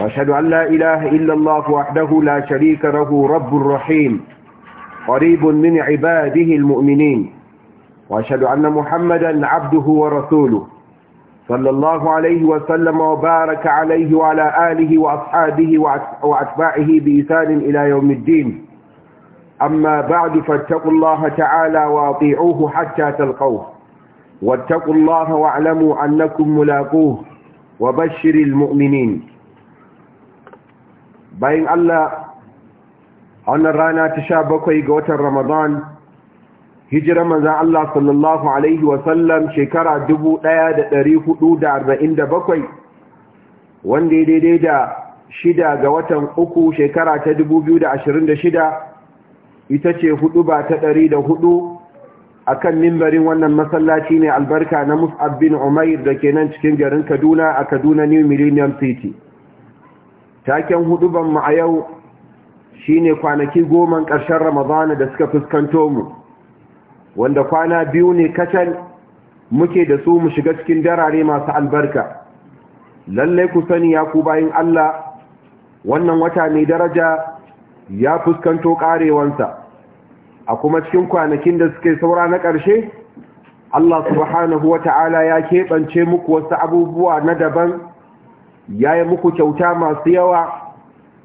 وأشهد أن لا إله إلا الله وحده لا شريك له رب رحيم قريب من عباده المؤمنين وأشهد أن محمدا عبده ورسوله صلى الله عليه وسلم وبارك عليه وعلى آله وأصحابه وأتباعه بإسان إلى يوم الدين أما بعد فاتقوا الله تعالى وأطيعوه حتى تلقوه واتقوا الله واعلموا أنكم ملاقوه وبشر المؤمنين bayan Allah a wannan rana ta sha bakwai ga watan Ramadan hijirar manzan Allah sallallahu Alaihi wasallam shekara bakwai, wanda ya daidai da shida ga watan uku shekara ta shida, ita ce hudu ba ta ɗari da hudu a kan mimbarin wannan masallaci ne albarka na mus'ab bin umair da ke nan cikin garin kaduna a kaduna new millennium city taken ban mu a yau shine kwanaki goma ƙarshen ramadana da suka fuskanto mu wanda kwana biyu ne kacal muke da su mu shiga cikin darare masu albarka lallai ku sani ya ku bayan Allah wannan wata mai daraja ya fuskanto ƙarewansa. a kuma cikin kwanakin da suke saura na ƙarshe Allah subhanahu wa ta'ala ya keɓance muku wasu abubuwa na daban ya yi muku kyauta masu yawa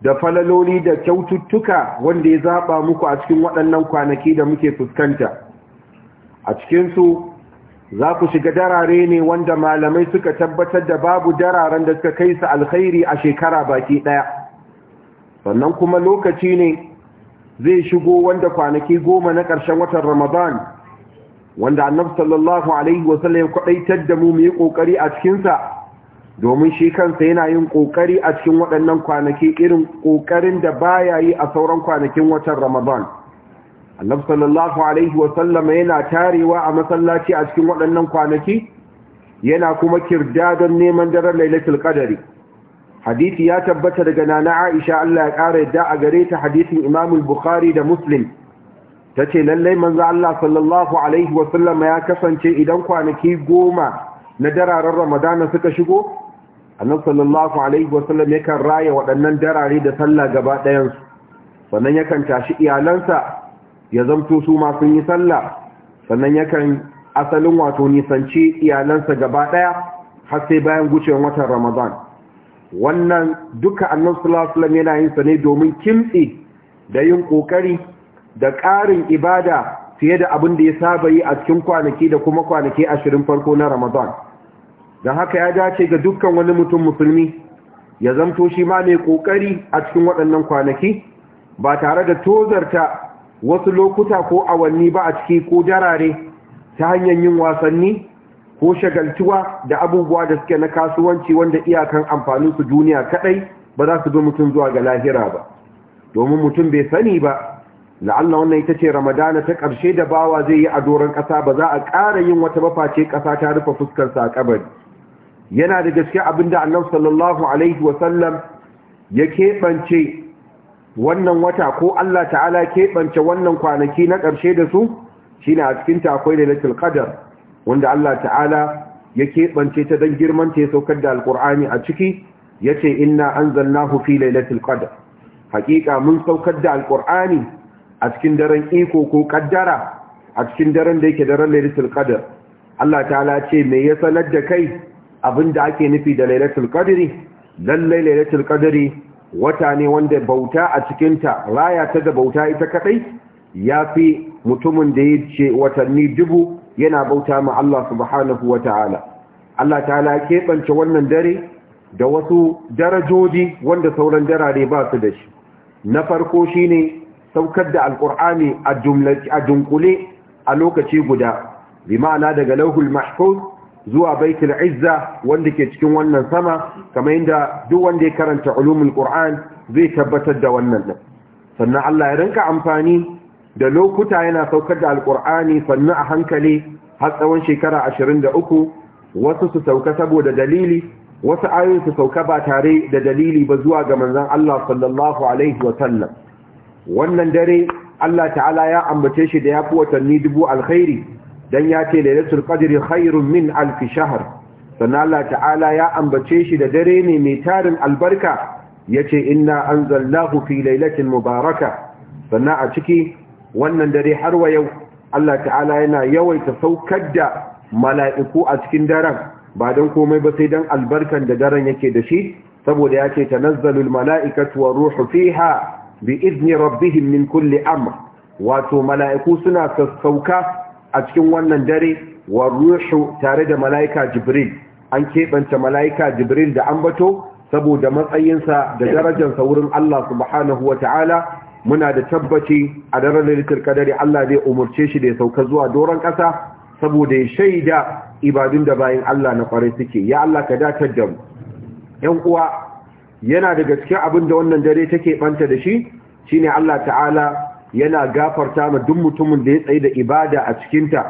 da falaloli da kyaututtuka wanda ya zaɓa muku a cikin waɗannan kwanaki da muke fuskanta a cikinsu za ku shiga darare ne wanda malamai suka tabbatar da babu dararen da suka kai su alkhairi a shekara baki ɗaya sannan kuma lokaci ne zai shigo wanda kwanaki goma na ƙarshen watan ramadan wanda annabi alaihi wasallam ya kwaɗaitar da mu mu ƙoƙari a cikinsa domin shi kansa yana yin ƙoƙari a cikin waɗannan kwanaki irin ƙoƙarin da baya yi a sauran kwanakin watan Ramadan. Allah sallallahu Alaihi sallama yana tarewa a masallaci a cikin waɗannan kwanaki, yana kuma kirda don neman daren lailatul qadari. Hadisi ya tabbata daga nana Aisha Allah ya ƙara yadda a gare ta hadisin Imamul Bukhari da Muslim. Ta ce lallai manzo Allah sallallahu Alaihi wasallama ya kasance idan kwanaki goma na dararen Ramadan suka shigo, annabi sallallahu alaihi wasallam yakan raya waɗannan darare da sallah gaba ɗayan su sannan yakan tashi iyalansa ya zamto su ma sun yi sallah sannan yakan asalin wato nisanci iyalansa gaba ɗaya har sai bayan gucewar watan ramadan wannan duka annabi sallallahu alaihi wasallam yana yin sa ne domin kimtsi da yin kokari da ƙarin ibada fiye da abin da ya saba yi a cikin kwanaki da kuma kwanaki 20 farko na ramadan don haka ya dace ga dukkan wani mutum musulmi ya zamto shi ma mai kokari a cikin waɗannan kwanaki ba tare da tozarta wasu lokuta ko awanni ba a ciki ko jarare ta hanyar yin wasanni ko shagaltuwa da abubuwa da suke na kasuwanci wanda iyakan amfanin su duniya kadai ba za su bi mutum zuwa ga lahira ba domin mutum bai sani ba la'alla wannan ita ce ramadana ta ƙarshe da bawa zai yi a doron ƙasa ba za a ƙara yin wata bafa ce ƙasa ta rufe fuskarsa a kabari yana da gaske abinda annabi sallallahu alaihi wasallam ya keɓance wannan wata ko Allah ta'ala keɓance wannan kwanaki na ƙarshe da su shine a cikin ta akwai lailatul ƙadar, wanda Allah ta'ala ya keɓance ta don girman ta ya saukar da alkur'ani a ciki ya ce inna an zanna Hufi lailatul ƙadar. hakika mun saukar da alkur'ani a cikin daren iko ko ƙaddara, a cikin daren da yake daren lailatul ƙadar, Allah ta'ala ce me ya sanar da kai abinda ake nufi da lailatul qadri lallai lailatul qadri wata ne wanda bauta a cikinta raya ta da bauta ita kadai yafi mutumin da yace watanni dubu yana bauta ma Allah subhanahu wataala Allah ta'ala ya keɓance wannan dare da wasu darajoji wanda sauran darare ba su da shi na farko shine saukar da alqur'ani a jumlaci a dunkule a lokaci guda bi ma'ana daga lauhul mahfuz zuwa baitul izza wanda ke cikin wannan sama kamar yadda duk wanda ya karanta ulumul qur'an zai tabbatar da wannan din sannan Allah ya rinka amfani da lokuta yana saukar da alqur'ani sannan a hankali har tsawon shekara 23 wasu su sauka saboda dalili wasu ayoyi su sauka ba tare da dalili ba zuwa ga manzon Allah sallallahu alaihi wa sallam wannan dare Allah ta'ala ya ambace shi da ya fi watanni dubu alkhairi dan ya ce lailatul qadri khairun min alf shahr sannan Allah ta'ala ya ambace shi da dare ne mai tarin albarka yace inna anzalnahu fi lailatin mubaraka sannan a ciki wannan dare har wa yau Allah ta'ala yana yawaita saukar da mala'iku a cikin daren ba don komai ba sai dan albarkan da daren yake da shi saboda yace tanazzalul mala'ikatu wa fiha bi izni rabbihim min kulli amr wato mala'iku suna sassauka a cikin wannan dare wa ruhu tare da mala'ika jibril an keɓanta mala'ika jibril da ambato saboda matsayinsa da darajarsa wurin Allah subhanahu wa ta'ala muna da tabbaci a daren lalitar kadari Allah zai umarce shi da ya sauka zuwa doron ƙasa saboda ya shaida ibadun da bayan Allah na kwarai suke ya Allah ka datar da mu ‘yan uwa yana daga cikin abin da wannan dare take banta da shi shine Allah ta'ala yana gafarta ma duk mutumin da ya tsayi da ibada a cikinta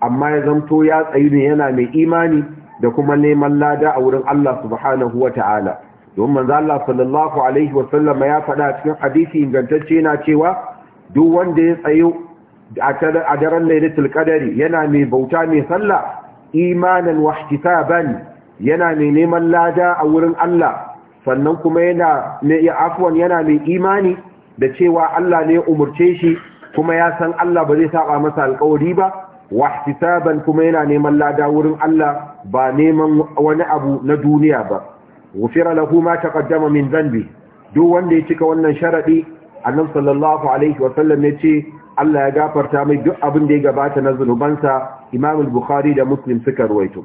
amma ya zanto ya tsayi ne yana mai imani da kuma neman lada a wurin Allah subhanahu wa ta'ala don manzo Allah sallallahu alaihi wasallam ya faɗa cikin hadisi ingantacce na cewa duk wanda ya tsayo a daren lailatul qadari yana mai bauta mai sallah imanan wa ihtisaban yana mai neman lada a wurin Allah sannan kuma yana mai afwan yana mai imani da cewa Allah ne umurce shi kuma ya san Allah ba zai saba masa alƙawari ba wa hisaban kuma yana neman lada wurin Allah ba neman wani abu na duniya ba gufira lahu ma taqaddama min dhanbi duk wanda ya cika wannan sharadi annabi sallallahu alaihi wa sallam ya ce Allah ya gafarta mai duk abin da ya gabata na zunubansa Imam al-Bukhari da Muslim suka ruwaito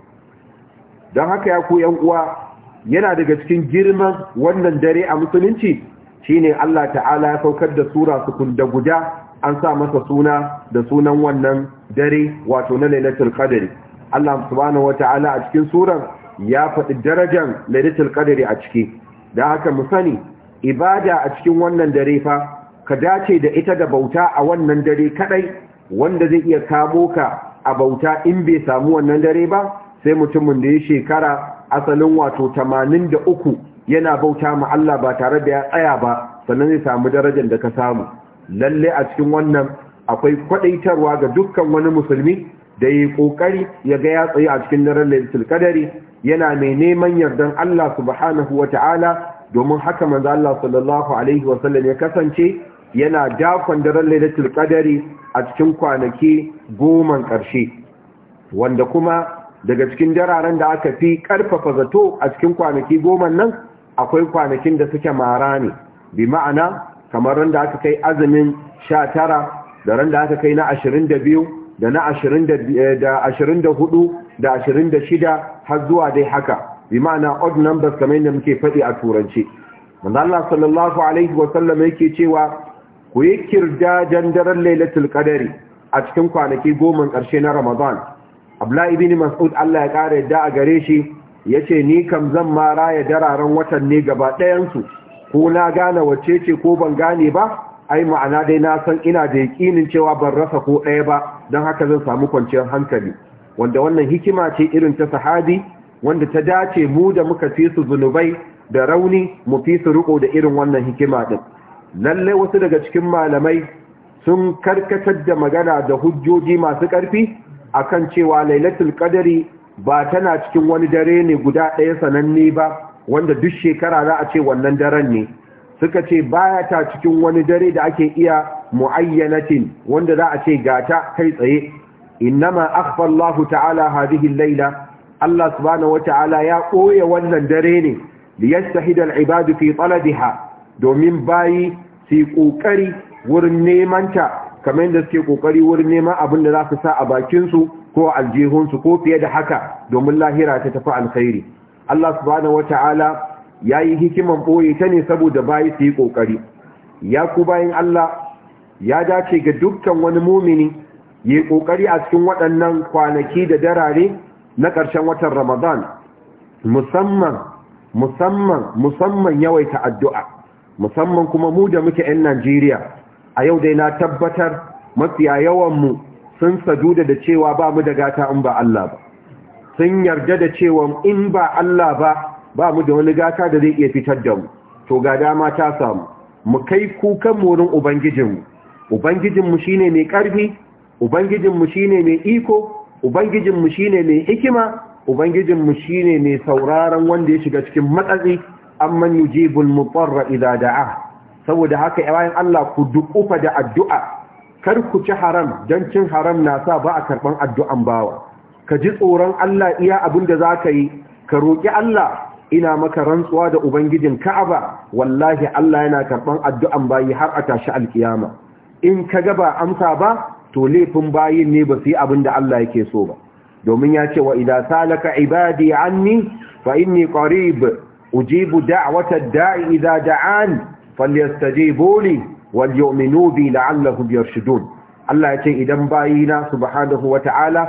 dan haka ya ku yan uwa yana daga cikin girman wannan dare a musulunci shine Allah ta'ala ya saukar da sura su kunda guda an sa masa suna da sunan wannan dare wato na lailatul qadri Allah subhanahu wata'ala a cikin suran ya faɗi darajar lailatul qadri a ciki da haka mu sani ibada a cikin wannan dare fa ka dace da ita da bauta a wannan dare kadai wanda zai iya kamo ka a bauta in bai samu wannan dare ba sai mutumin da ya shekara asalin wato 83 yana bauta ma Allah ba tare da ya tsaya ba sannan zai samu darajar da ka samu lalle a cikin wannan akwai kwadaitarwa ga dukkan wani musulmi da yi kokari ya ga ya tsaye a cikin daren lailatul qadari yana mai neman yardan Allah subhanahu wataala domin haka manzo Allah sallallahu alaihi wa sallam, ya kasance yana dakon daren lailatul qadari a cikin kwanaki goman ƙarshe wanda kuma daga cikin jararen da aka fi ƙarfafa zato a cikin kwanaki goman nan akwai kwanakin da suke mara ne bi ma'ana kamar ran da aka kai azumin sha tara da ran da aka kai na ashirin da biyu da na ashirin da eh, hudu da ashirin da shida har zuwa dai haka bi ma'ana odd numbers kamar yadda muke faɗi a turanci manzo Allah sallallahu alaihi wa sallam yake cewa ku yi kirdajen daren lailatul qadari a cikin kwanaki goma ƙarshe na Ramadan Abdullahi ibn Mas'ud Allah ya ƙara yadda a gare shi ya ce ni kam zan mara ya dararen watan ne gaba su ko na gane wacce ce ko ban gane ba ai ma'ana dai na san ina da yaƙinin cewa ban rasa ko ɗaya ba don haka zan samu kwanciyar hankali wanda wannan hikima ce irin ta sahadi? wanda ta dace mu da muka fi su zunubai da rauni mu fi su riko da irin wannan hikima din lalle wasu daga cikin malamai sun karkatar da magana da hujjoji masu ƙarfi akan cewa lailatul qadari ba tana cikin wani dare ne guda ɗaya sananne ba wanda duk shekara za a ce wannan daren ne suka ce baya ta cikin wani dare da ake iya muayyanatin wanda za a ce gata kai tsaye innama akhfa ta'ala hadhihi al-laila Allah subhanahu wata'ala ya koye wannan dare ne liyastahida al-ibadu fi talabiha domin bayi su kokari wurin neman ta kamar yadda suke kokari wurin neman abin da za su sa a bakin su ko aljihunsu ko fiye da haka domin lahira ta tafi alkhairi Allah subhanahu wata'ala yayi hikiman ɓoye ta ne saboda bayi su yi kokari ya ku bayin Allah ya dace ga dukkan wani mumini yi ƙoƙari a cikin waɗannan kwanaki da darare na ƙarshen watan Ramadan musamman musamman musamman yawaita addu'a musamman kuma mu da muke 'yan Najeriya a yau dai na tabbatar mafiya yawan mu sun saduda da cewa ba mu da gata in ba Allah ba sun yarda da cewa in ba Allah ba ba mu da wani gata da zai iya fitar da mu to ga dama ta samu mu kai kukan morin ubangijinmu ubangijinmu shine mai karfi ubangijinmu shine mai iko ubangijinmu shine mai hikima ubangijinmu shine mai sauraron wanda ya shiga cikin matsatsi amman yujibul mutarra idza da'a saboda haka bayan Allah ku dukufa da addu'a kar ku ci haram don cin haram na sa ba a karɓan addu'an bawa ka ji tsoron Allah iya abin da za ka yi ka roƙi Allah ina maka rantsuwa da ubangijin ka'aba wallahi Allah yana karɓan addu'an bayi har a tashi alkiyama in ka ga ba amsa ba to laifin bayin ne ba su yi abin da Allah yake so ba domin ya ce wa idan salaka ibadi anni fa inni qarib ujibu da'wata da'i idza da'an falyastajibu li wal yu'minu bi biyar yarshudun Allah ya ce idan bayina subhanahu ta'ala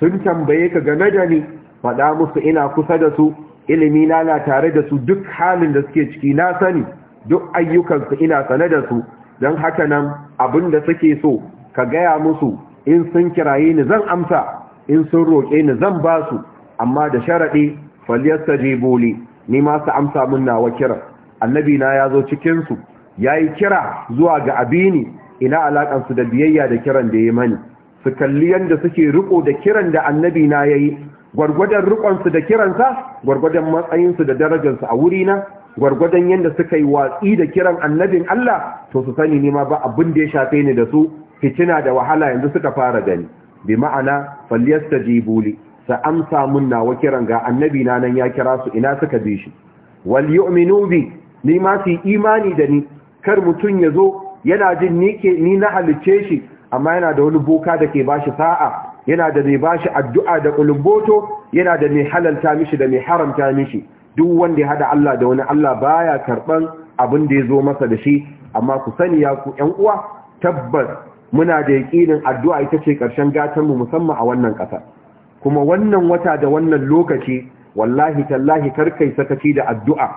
sun tambaye ka game da ni faɗa musu ina kusa da su ilimi na na tare da su duk halin da suke ciki na sani duk ayyukansu ina sane da su don haka nan abin da suke so ka gaya musu in sun kiraye ni zan amsa in sun roƙe ni zan ba su amma da sharaɗi falyasta jeboli ni ma su amsa mun nawa kiran annabi na ya zo cikinsu ya yi kira zuwa ga abini ina alaƙansu da biyayya da kiran da ya mani su kalli yadda suke riko da kiran da annabi na ya yi gwargwadon rikonsu da kiransa gwargwadon matsayinsu da darajarsu a wurina gwargwadon yadda suka yi watsi da kiran annabin Allah to su sani nima ba abin da ya shafe ni da su fitina da wahala yanzu suka fara gani bi ma'ana falliyasta jibuli sa amsa mun nawa kiran ga annabi na nan ya kira su ina suka bi shi wal yu'minu bi ni ma su imani da ni kar mutum ya zo yana jin ni ke ni na halicce shi amma yana da wani boka da ke bashi sa'a yana da mai bashi addu'a da kulumboto yana da mai halalta mishi da mai haramta mishi duk wanda ya hada Allah da wani Allah baya karban abin da ya zo masa da shi amma ku sani ya ku ƴan uwa tabbas muna da yaƙinin addu'a ita ce karshen ƙarshen mu musamman a wannan ƙasa kuma wannan wata da wannan lokaci wallahi tallahi karkai sakaci da addu'a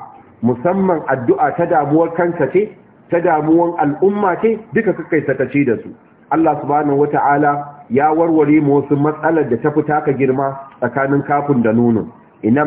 musamman addu'a ta damuwar kanka ce ta damuwan al'umma ce duka kakai sakaci da su Allah subhanahu wata'ala ya warware mu wasu matsalar da ta fita ka girma tsakanin kafin da nono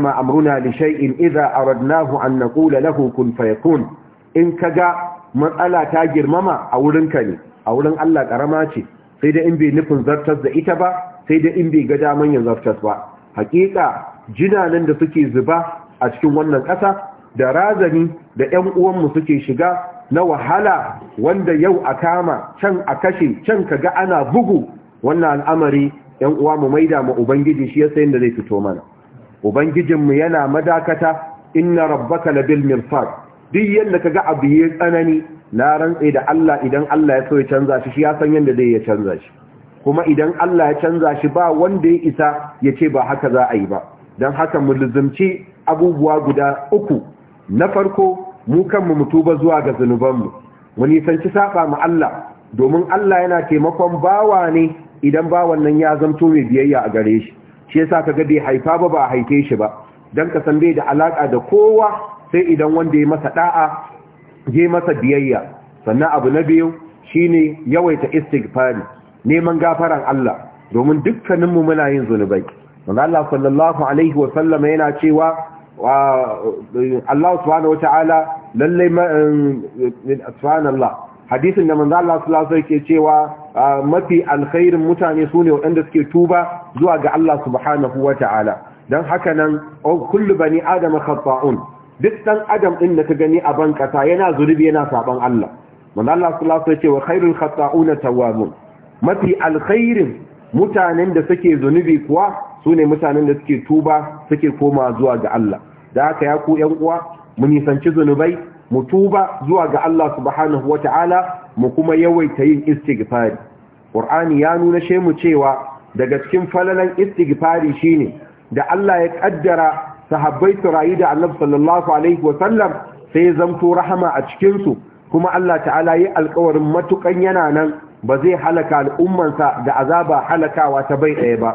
ma amruna li shay'in a aradnahu an naqula lahu kun fayakun in kaga matsala ta girmama a wurin ka ne a wurin Allah karama ce sai da in bai nufin zartas da ita ba sai da in bai ga daman yin zartas ba hakika jinanan da suke zuba a cikin wannan ƙasa da razani da 'yan uwanmu suke shiga na wahala wanda yau a kama can a kashe can ka ga ana bugu wannan al'amari yan uwa mu maida ma ubangiji shi yasa yanda zai fito mana ubangijin mu yana madakata inna rabbaka labil mirsad duk yadda ka ga abu yayi tsanani na rantsa da Allah idan Allah ya so ya canza shi shi ya san yanda zai ya canza shi kuma idan Allah ya canza shi ba wanda ya isa ya ce ba haka za a yi ba don haka mu luzumci abubuwa guda uku na farko mu kanmu mu tuba zuwa ga zunubanmu mu nisanci saba mu Allah domin Allah yana taimakon bawa ne idan bawan nan ya zamto mai biyayya a gare shi shi yasa kaga bai haifa ba ba haife shi ba dan ka san bai da alaka da kowa sai idan wanda ya masa da'a je masa biyayya sannan abu na biyu shine yawaita istighfar neman gafaran Allah domin dukkaninmu muna yin zunubai Allah sallallahu alaihi wa sallama yana cewa Allah subhanahu ta'ala lallai um, min Allah hadisin da manzo Allah sallallahu alaihi wasallam cewa uh, mafi alkhairin mutane sune waɗanda suke tuba zuwa ga Allah subhanahu ta'ala. dan haka nan oh, kullu bani adama khata'un duk dan adam din da ka gani a bankata yana zulubi yana saban Allah manzo Allah sallallahu alaihi wasallam yake khairul khata'un tawwabun mafi alkhairin mutanen da suke zunubi kuwa sune mutanen da suke tuba suke koma zuwa ga Allah da haka ya ku yan uwa mu nisanci zunubai mu tuba zuwa ga Allah subhanahu wata'ala mu kuma yawaita yin istighfari qur'ani ya nuna she mu cewa daga cikin falalan istighfari shine da Allah ya kaddara sahabbai su rayu da Annabi sallallahu alaihi wa sallam sai zamto rahama a cikin su kuma Allah ta'ala yi alƙawarin matukan yana nan ba zai halaka al'ummansa da azaba halakawa ta bai ɗaya ba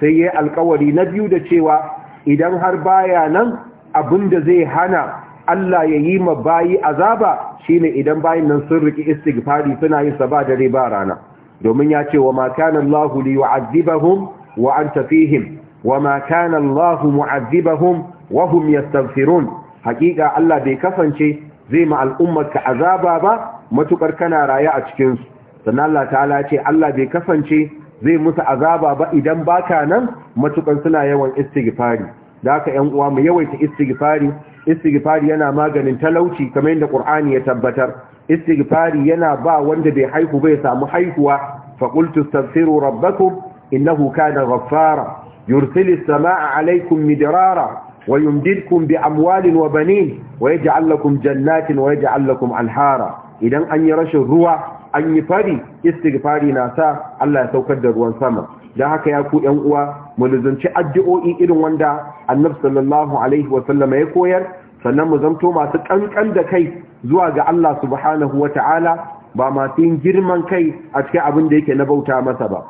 sai yayi alƙawari na biyu da cewa idan har baya nan abinda zai hana Allah ya yi ma bayi azaba shine idan bayin nan sun riki istighfari suna yin saba dare ba rana domin ya ce wa ma kana Allah li yu'adhibahum wa anta fihim wa ma kana Allah mu'adhibahum wa hum yastaghfirun hakika Allah bai kasance zai ma al'ummarka azaba ba matukar kana raye a cikin su sannan Allah ta'ala ce Allah bai kasance zai musu azaba ba idan baka nan matukan suna yawan istighfari da haka ƴan uwa mu yawaita istighfari istighfari yana maganin talauci kamar yadda Qur'ani ya tabbatar istighfari yana ba wanda bai haihu bai samu haihuwa fa qultu astaghfiru rabbakum innahu kana ghaffara yursilu as-samaa'a 'alaykum midrara wa yumdidukum bi amwalin wa banin wa yaj'al lakum jannatin wa yaj'al lakum anhara idan an yi rashin ruwa an yi fari istighfari na sa Allah ya saukar da ruwan sama dan haka ya ku ƴan uwa mu luzunci addu'o'i irin wanda Annabi sallallahu alaihi wa sallama ya koyar sannan mu zanto masu kankan da kai zuwa ga Allah subhanahu wa ta'ala ba masu yin girman kai a cikin abin da yake na bauta masa ba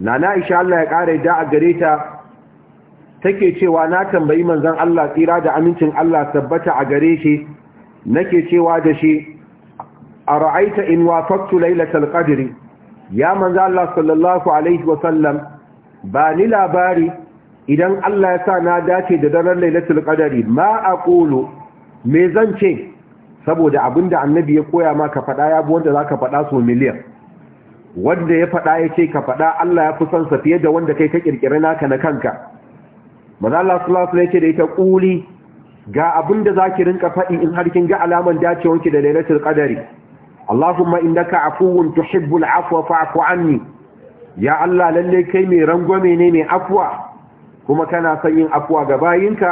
nana Aisha Allah ya kare yadda a gare ta take cewa na tambayi manzon Allah tsira da amincin Allah tabbata a gare shi nake cewa da shi ra'aita in wafaqtu lailatul qadri ya manzo Allah sallallahu alaihi wasallam ba ni labari idan Allah ya sa na dace da daren lailatul qadri ma aqulu me zan ce saboda abinda annabi ya koya ma ka faɗa ya wanda zaka faɗa so miliyan wanda ya faɗa ya ce ka faɗa Allah ya kusan sa fiye da wanda kai ka kirkira naka na kanka manzo Allah sallallahu alaihi wasallam ya ce da ita quli ga abinda zaki rinka faɗi in har kin ga alaman dacewanki da lailatul qadri اللهم innaka عفو تحب العفو فاعف عني ya Allah للي kai mai rangwame ne mai afwa kuma kana son yin afuwa ga bayinka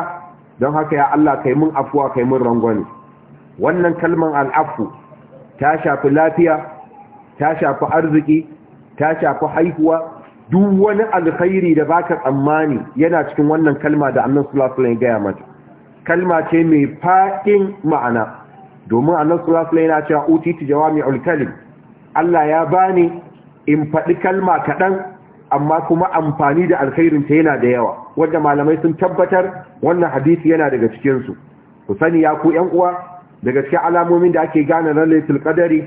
don haka ya Allah kai mun afwa kai mun rangwame wannan kalman al'afu ta shafi lafiya ta shafi arziki ta shafi haihuwa duk wani alkhairi da baka tsammani yana cikin wannan kalma da Annabi sallallahu alaihi wasallam ya gaya mata kalma ce mai fakin ma'ana domin annabi sallallahu alaihi wasallam yana cewa utiti jawami'ul kalim Allah ya bani in faɗi kalma kaɗan amma kuma amfani da alkhairin ta yana da yawa wanda malamai sun tabbatar wannan hadisi yana daga cikinsu. su ku sani ya ku ƴan uwa daga cikin alamomin da ake gane laifin qadari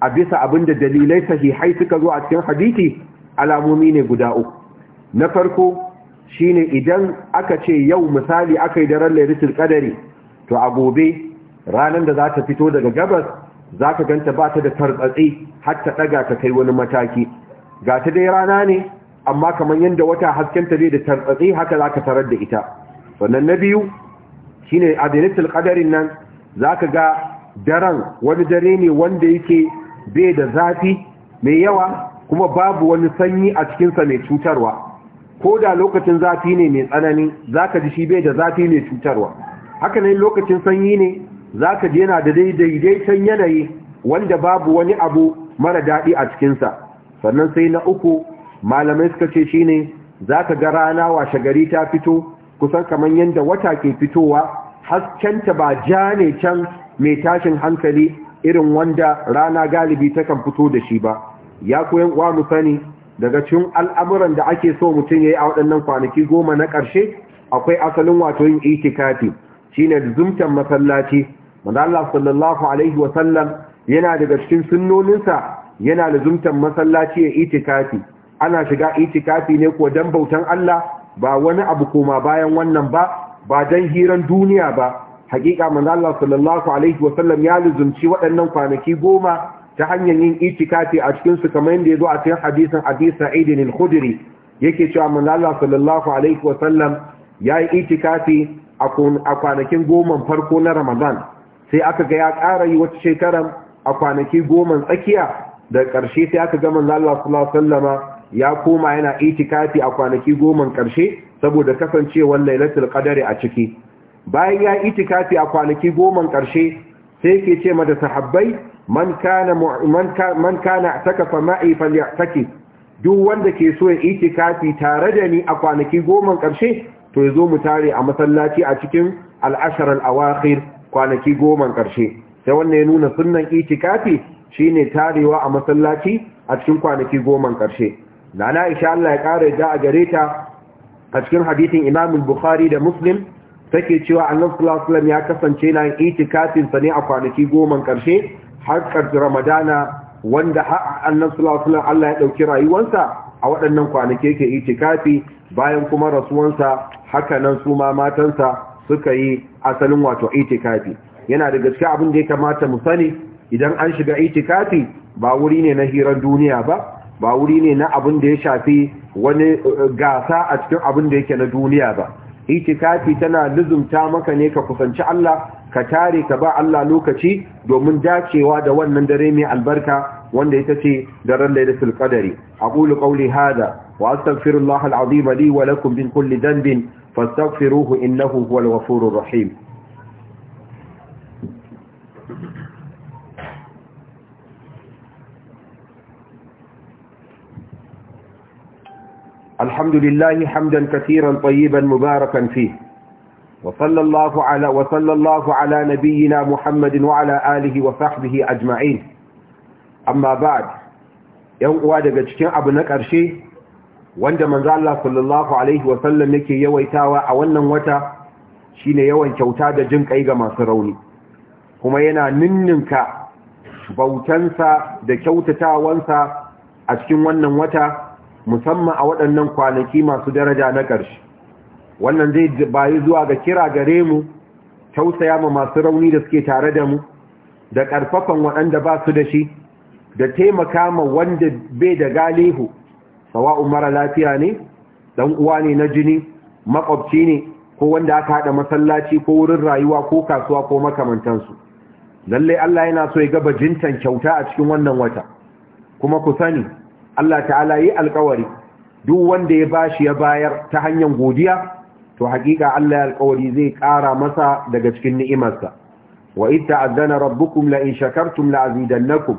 a bisa abin da dalilai sahihai suka zo a cikin hadisi alamomi ne guda uku na farko shine idan aka ce yau misali aka yi ran laifin qadari to a gobe ranar da za ta fito daga gabas za ka ganta ba ta da tarbatsi har ta ɗaga ta kai wani mataki ga ta dai rana ne amma kamar yadda wata haskenta zai da tarbatsi haka za ka tarar da ita sannan na biyu shi ne adinatul qadarin nan za ka ga daren wani dare ne wanda yake bai da zafi mai yawa kuma babu wani sanyi a cikinsa mai cutarwa ko da lokacin zafi ne mai tsanani za ka ji shi bai da zafi mai cutarwa haka ne lokacin sanyi ne za ka ji yana da daidaitan yanayi wanda babu wani abu mara daɗi a cikinsa sannan sai na uku malamai suka ce shi ne za ka ga rana washe gari ta fito kusan kamar yadda wata ke fitowa haskenta ba ja ne can mai tashin hankali irin wanda rana galibi takan fito da shi ba ya koyan uwa mu sani daga cikin al'amuran da ake so mutum ya yi a waɗannan kwanaki goma na ƙarshe akwai asalin wato yin itikafi shine zumtan masallaci manzo sallallahu alaihi wa sallam yana daga cikin sunnoninsa yana lazumtan masallaci ya itikafi ana shiga itikafi ne kuwa dan bautan Allah ba wani abu koma bayan wannan ba ba dan hiran duniya ba hakika manzo sallallahu alaihi wa sallam ya lazumci waɗannan kwanaki goma ta hanyar yin itikafi a cikin su kamar yadda zo a cikin hadisin Abi Sa'id al-Khudri yake cewa manzo sallallahu alaihi wa sallam ya yi itikafi a kwanakin goma farko na Ramadan sai aka ga ya ƙara yi wata shekaran a kwanaki goma tsakiya da ƙarshe sai aka gama manzo Allah ya koma yana itikafi a kwanaki goma ƙarshe saboda kasancewar lailatul ƙadari a ciki bayan ya itikafi a kwanaki goma ƙarshe sai ke ce ma da sahabbai man kana man kana takafa duk wanda ke so ya itikafi tare da ni a kwanaki goma ƙarshe to ya zo mu tare a masallaci a cikin al'asharan ashr kwanaki goman ƙarshe sai wannan ya nuna sunnan itikafi shine tarewa a masallaci a cikin kwanaki goma ƙarshe na nana insha Allah ya ƙara da a gare ta a cikin hadisin Imam Bukhari da Muslim take cewa Annabi sallallahu alaihi ya kasance na itikafin sa ne a kwanaki goman ƙarshe har ƙarshen Ramadana wanda Annabi sallallahu alaihi wasallam Allah ya ɗauki rayuwarsa a waɗannan kwanaki yake itikafi bayan kuma rasuwansa haka nan su ma matansa suka yi asalin wato itikafi yana da gaske abin da ya kamata mu sani idan an shiga itikafi ba wuri ne na hirar duniya ba ba wuri ne na abin da ya shafi wani eh, gasa a cikin abin da yake na duniya ba itikafi tana luzumta maka ne ka kusanci Allah ka tare ka ba Allah lokaci domin dacewa da wannan dare mai albarka wanda ita ce daren lailatul qadari aqulu qawli hada wa astaghfirullahal azim li wa lakum min kulli dhanbin فاستغفروه إنه هو الغفور الرحيم الحمد لله حمدا كثيرا طيبا مباركا فيه وصلى الله على وصلى الله على نبينا محمد وعلى آله وصحبه أجمعين أما بعد يوم daga cikin abu na wanda manzo Allah sallallahu alaihi wa sallam yake yawaitawa a wannan wata shine yawan kyauta da jin kai ga masu rauni kuma yana ninninka bautansa da kyautatawansa a cikin wannan wata musamman a waɗannan kwanaki masu daraja na ƙarshe wannan zai bayi zuwa ga kira gare mu tausaya ma masu rauni da suke tare da mu da ƙarfafan waɗanda ba su da shi da taimaka ma wanda bai da galihu sawa'un mara lafiya ne dan uwa ne na jini makwabci ne ko wanda aka haɗa masallaci ko wurin rayuwa ko kasuwa ko makamantansu lallai Allah yana so ya ga bajintan kyauta a cikin wannan wata kuma ku sani Allah ta'ala yi alkawari duk wanda ya bashi ya bayar ta hanyar godiya to hakika Allah ya alkawari zai ƙara masa daga cikin ni'imarsa wa id ta'azzana rabbukum la in shakartum la azidannakum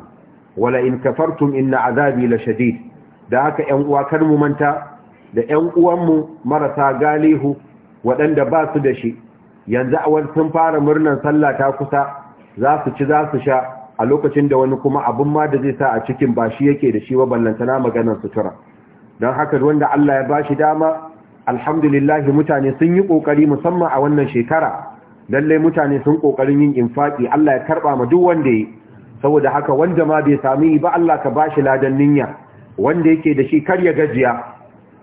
wa la in kafartum inna azabi la shadid da haka ‘yan uwa kar mu manta da ‘yan uwanmu marasa galihu waɗanda ba su da shi yanzu a wani sun fara murnar sallah ta kusa za su ci za su sha a lokacin da wani kuma abin ma da zai sa a cikin ba shi yake da shi wa ballantana maganar sutura don haka wanda Allah ya bashi dama alhamdulillahi mutane sun yi kokari musamman a wannan shekara lallai mutane sun kokarin yin infaki Allah ya karba ma duk wanda ya yi saboda haka wanda ma bai sami ba Allah ka bashi ladan niyya wanda yake da shi kar ya gajiya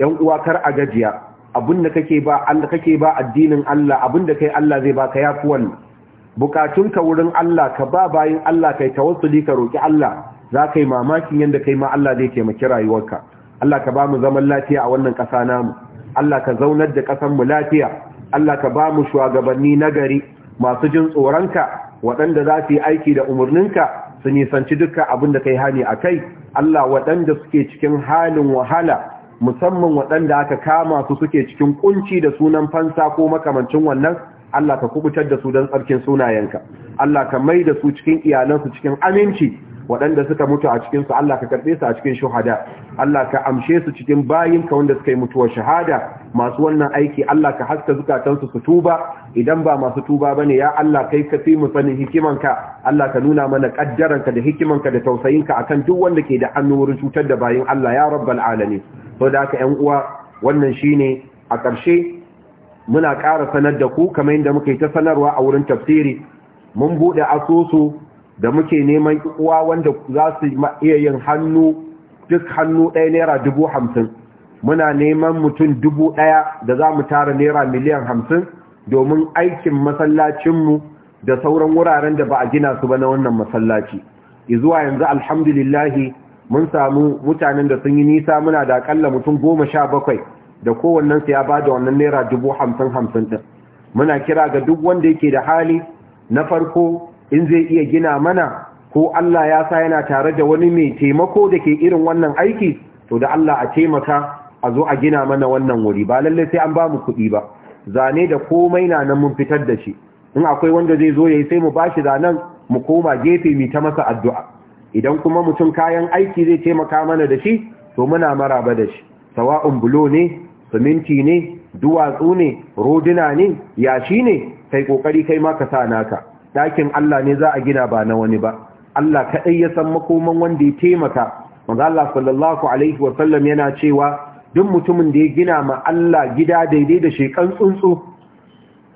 ‘yan uwa kar a gajiya abinda kake ba Allah kake ba addinin Allah da kai Allah zai baka yafi wannan ka wurin Allah ka ba bayin Allah kai tawassuli ka roki Allah za ka mamakin yadda kai ma Allah zai taimaki rayuwarka Allah ka ba mu zaman lafiya a wannan ƙasa namu Allah ka zaunar da ƙasar mu lafiya Allah ka ba mu shugabanni nagari masu jin tsoronka waɗanda za su yi aiki da umurninka. su nisanci dukkan abin da ka yi hani a kai Allah waɗanda suke cikin halin wahala musamman waɗanda aka kama su suke cikin ƙunci da sunan fansa ko makamancin wannan Allah ka kubutar da su don tsarkin sunayenka Allah ka mai da su cikin iyalansu cikin aminci waɗanda suka mutu a cikinsu Allah ka karɓe su a cikin shuhada Allah ka amshe su cikin bayinka wanda suka yi mutuwar shahada masu wannan aiki Allah ka haska zukatansu su tuba idan ba masu tuba ba ne, ya Allah kai ka fi mu sanin hikimanka Allah ka nuna mana kaddaranka da hikimanka da tausayinka akan duk wanda ke da hannu wurin cutar da bayin Allah ya rabbal alamin to da haka ƴan uwa wannan shine a ƙarshe muna ƙara sanar da ku kamar yadda muka yi ta sanarwa a wurin tafsiri mun buɗe asusu da muke neman uwa wanda za su iya yin hannu duk hannu ɗaya naira dubu hamsin muna neman mutum dubu ɗaya da za mu tara naira miliyan hamsin domin aikin masallacinmu da sauran wuraren da ba a gina su ba na wannan masallaci izuwa yanzu alhamdulillahi mun samu mutanen da sun yi nisa muna da akalla mutum goma sha bakwai da kowannensu ya ba da wannan naira dubu hamsin hamsin ɗin muna kira ga duk wanda yake da hali na farko in zai iya gina mana ko Allah ya sa yana tare da wani mai taimako da ke irin wannan aiki to da Allah a taimaka a zo a gina mana wannan wuri ba lallai sai an ba mu kuɗi ba zane da komai na nan mun fitar da shi in akwai wanda zai zo ya yi, sai mu ba shi zanen mu koma gefe mu ta masa addu'a idan kuma mutum kayan aiki zai taimaka mana da shi to muna maraba da shi sawa'un bulo ne siminti ne duwatsu ne roduna ne yashi ne kai kokari kai ma ka sa naka Dakin Allah ne za a gina ba na wani ba Allah kaɗai ya san makoman wanda ya taimaka manzo Allah sallallahu alaihi wa sallam yana cewa duk mutumin da ya gina ma Allah gida daidai da shekan tsuntsu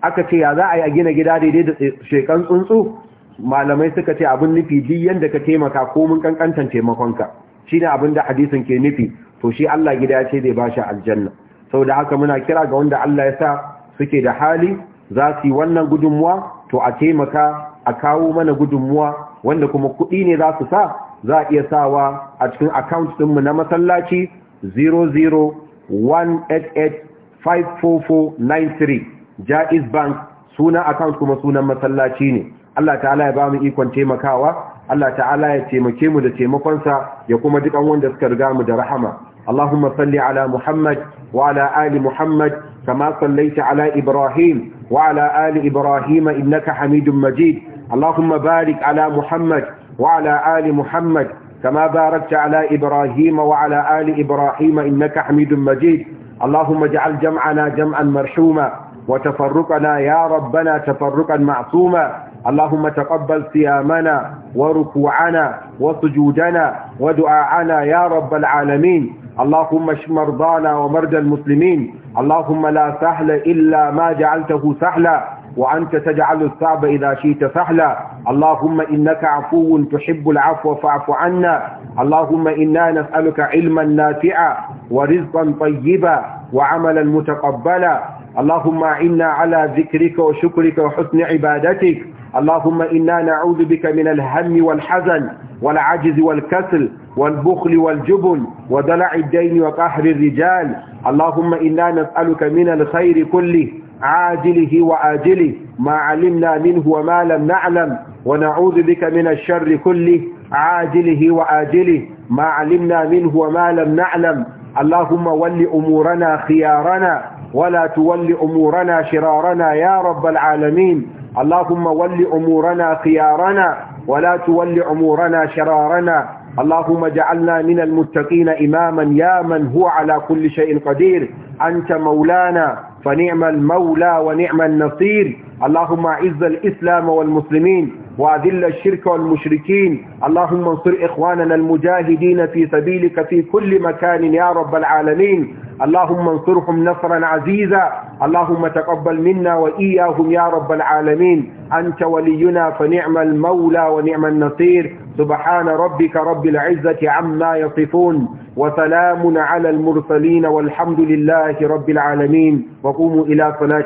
aka ce ya za a yi a gina gida daidai da shekan tsuntsu malamai suka ce abin nufi duk yanda ka taimaka ko mun kankantan taimakonka shine abin da hadisin ke nufi to shi Allah gida ce zai bashi aljanna saboda haka muna kira ga wanda Allah ya sa suke da hali za su yi wannan gudunmuwa to a taimaka a kawo mana gudunmuwa wanda kuma kuɗi ne za su sa za a iya sawa a cikin account ɗinmu na masallaci 0018854493 Jaiz Bank suna account kuma sunan masallaci ne Allah ta'ala ya ba mu ikon taimakawa Allah ta'ala ya taimake mu da taimakonsa ya kuma dukan wanda suka riga mu da rahama اللهم صل على محمد وعلى آل محمد كما صليت على إبراهيم وعلى آل إبراهيم إنك حميد مجيد اللهم بارك على محمد وعلى آل محمد كما باركت على إبراهيم وعلى آل إبراهيم إنك حميد مجيد اللهم اجعل جمعنا جمعا مرحوما وتفرقنا يا ربنا تفرقا معصوما اللهم تقبل صيامنا وركوعنا وسجودنا ودعاءنا يا رب العالمين اللهم اشف مرضانا ومرضى المسلمين اللهم لا سهل إلا ما جعلته سهلا وأنت تجعل الصعب إذا شئت سهلا اللهم إنك عفو تحب العفو فاعف عنا اللهم إنا نسألك علما نافعا ورزقا طيبا وعملا متقبلا اللهم إنا على ذكرك وشكرك وحسن عبادتك اللهم إنا نعوذ بك من الهم والحزن والعجز والكسل والبخل والجبن ودلع الدين وقهر الرجال اللهم إنا نسألك من الخير كله عاجله وآجله ما علمنا منه وما لم نعلم ونعوذ بك من الشر كله عاجله وآجله ما علمنا منه وما لم نعلم اللهم ول أمورنا خيارنا ولا تول أمورنا شرارنا يا رب العالمين اللهم ول أمورنا خيارنا ولا تول أمورنا شرارنا اللهم اجعلنا من المتقين إماما يا من هو على كل شيء قدير أنت مولانا فنعم المولى ونعم النصير اللهم اعز الإسلام والمسلمين وأذل الشرك والمشركين اللهم انصر إخواننا المجاهدين في سبيلك في كل مكان يا رب العالمين اللهم انصرهم نصرا عزيزا اللهم تقبل منا وإياهم يا رب العالمين أنت ولينا فنعم المولى ونعم النصير سبحان ربك رب العزة عما يصفون وسلام على المرسلين والحمد لله رب العالمين وقوموا إلى صلاة